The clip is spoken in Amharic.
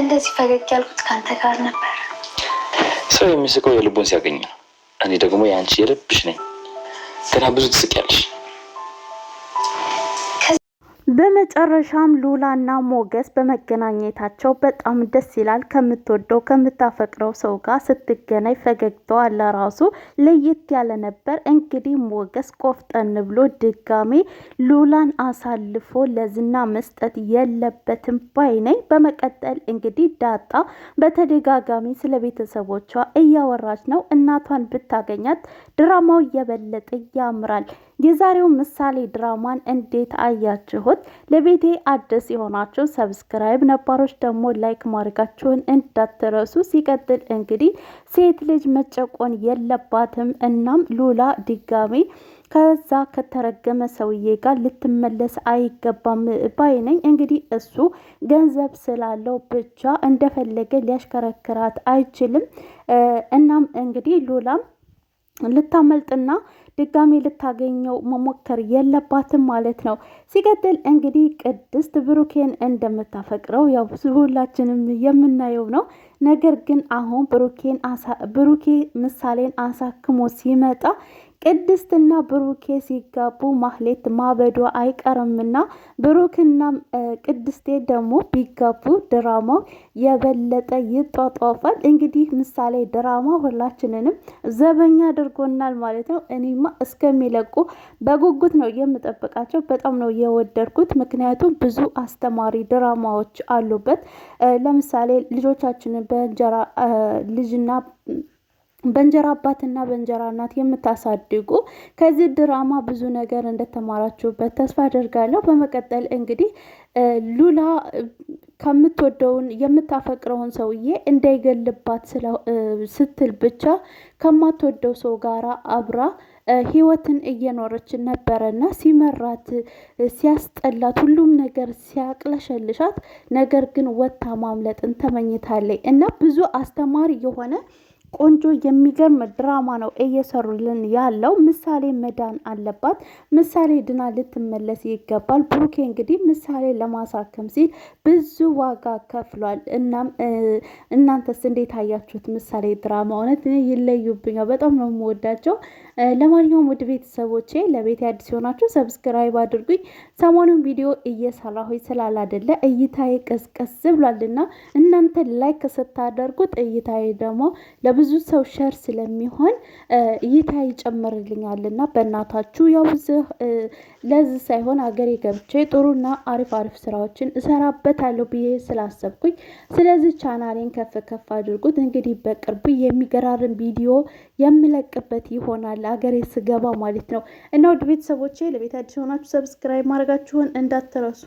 እንደዚህ ፈገግ ያልኩት ከአንተ ጋር ነበር። ሰው የሚስቀው የልቦን ሲያገኝ ነው። እኔ ደግሞ የአንቺ የልብሽ ነኝ። ገና ብዙ ያለሽ በመጨረሻም ሉላና ሞገስ በመገናኘታቸው በጣም ደስ ይላል። ከምትወደው ከምታፈቅረው ሰው ጋር ስትገናኝ ፈገግታዋ ለራሱ ለየት ያለ ነበር። እንግዲህ ሞገስ ቆፍጠን ብሎ ድጋሜ ሉላን አሳልፎ ለዝና መስጠት የለበትም ባይ ነኝ። በመቀጠል እንግዲህ ዳጣ በተደጋጋሚ ስለ ቤተሰቦቿ እያወራች ነው። እናቷን ብታገኛት ድራማው እየበለጠ ያምራል። የዛሬው ምሳሌ ድራማን እንዴት አያችሁት? ቤተሰቦች ለቤቴ አዲስ የሆናችሁ ሰብስክራይብ፣ ነባሮች ደግሞ ላይክ ማድረጋችሁን እንዳትረሱ። ሲቀጥል እንግዲህ ሴት ልጅ መጨቆን የለባትም። እናም ሉላ ድጋሚ ከዛ ከተረገመ ሰውዬ ጋር ልትመለስ አይገባም ባይ ነኝ። እንግዲህ እሱ ገንዘብ ስላለው ብቻ እንደፈለገ ሊያሽከረክራት አይችልም። እናም እንግዲህ ሉላም ልታመልጥና ድጋሜ ልታገኘው መሞከር የለባትም ማለት ነው። ሲቀጥል እንግዲህ ቅድስት ብሩኬን እንደምታፈቅረው ያው ብዙ ሁላችንም የምናየው ነው። ነገር ግን አሁን ብሩኬን ብሩኬ ምሳሌን አሳክሞ ሲመጣ ቅድስትና ብሩኬ ሲጋቡ ማህሌት ማበዶ አይቀርምና ብሩክና ቅድስቴ ደግሞ ቢጋቡ ድራማው የበለጠ ይጧጧፋል። እንግዲህ ምሳሌ ድራማ ሁላችንንም ዘበኛ አድርጎናል ማለት ነው። እኔማ እስከሚለቁ በጉጉት ነው የምጠብቃቸው። በጣም ነው የወደድኩት፣ ምክንያቱም ብዙ አስተማሪ ድራማዎች አሉበት። ለምሳሌ ልጆቻችንን በእንጀራ ልጅና በእንጀራ አባትና በእንጀራ እናት የምታሳድጉ ከዚህ ድራማ ብዙ ነገር እንደተማራችሁበት ተስፋ አደርጋለሁ። በመቀጠል እንግዲህ ሉላ ከምትወደውን የምታፈቅረውን ሰውዬ እንዳይገልባት ስትል ብቻ ከማትወደው ሰው ጋር አብራ ህይወትን እየኖረች ነበረና ሲመራት ሲያስጠላት ሁሉም ነገር ሲያቅለሸልሻት ነገር ግን ወታ ማምለጥን ተመኝታለች እና ብዙ አስተማሪ የሆነ ቆንጆ የሚገርም ድራማ ነው እየሰሩልን ያለው። ምሳሌ መዳን አለባት። ምሳሌ ድና ልትመለስ ይገባል። ብሩኬ እንግዲህ ምሳሌ ለማሳከም ሲል ብዙ ዋጋ ከፍሏል። እናም እናንተስ እንዴት አያችሁት? ምሳሌ ድራማ እውነት ይለዩብኛል። በጣም ነው የምወዳቸው። ለማንኛውም ውድ ቤተሰቦቼ ለቤት አዲስ የሆናችሁ ሰብስክራይብ አድርጉኝ። ሰሞኑን ቪዲዮ እየሰራሁኝ ስላላደለ እይታዬ ቀዝቀዝ ብሏልና እናንተ ላይክ ስታደርጉት እይታዬ ደግሞ ለብዙ ብዙ ሰው ሸር ስለሚሆን ይታ ይጨምርልኛልና በእናታችሁ ያው ለዚህ ሳይሆን አገሬ ገብቼ ጥሩና አሪፍ አሪፍ ስራዎችን እሰራበታለሁ ብዬ ስላሰብኩኝ ስለዚህ ቻናሌን ከፍ ከፍ አድርጉት። እንግዲህ በቅርቡ የሚገራርን ቪዲዮ የምለቅበት ይሆናል አገሬ ስገባ ማለት ነው እና ውድ ቤተሰቦቼ ለቤት ሆናችሁ ሰብስክራይብ ማድረጋችሁን እንዳትረሱ።